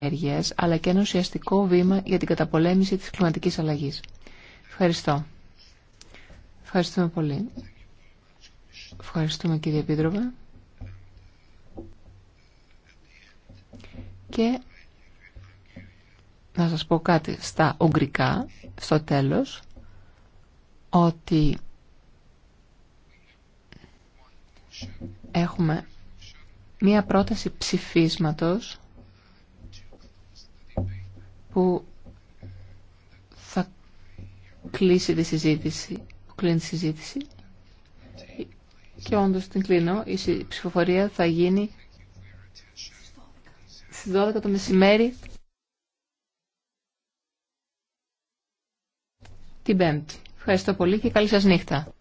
ενέργειας, αλλά και ένα ουσιαστικό βήμα για την καταπολέμηση της κλιματικής αλλαγής. Ευχαριστώ. Ευχαριστούμε πολύ. Ευχαριστούμε κύριε Επίτροπε. Και να σας πω κάτι στα ουγγρικά, στο τέλος, ότι έχουμε μία πρόταση ψηφίσματος που θα κλείσει τη συζήτηση, κλείνει τη συζήτηση. Και όντως την κλείνω, η ψηφοφορία θα γίνει στις 12 το μεσημέρι την Πέμπτη. Ευχαριστώ πολύ και καλή σας νύχτα.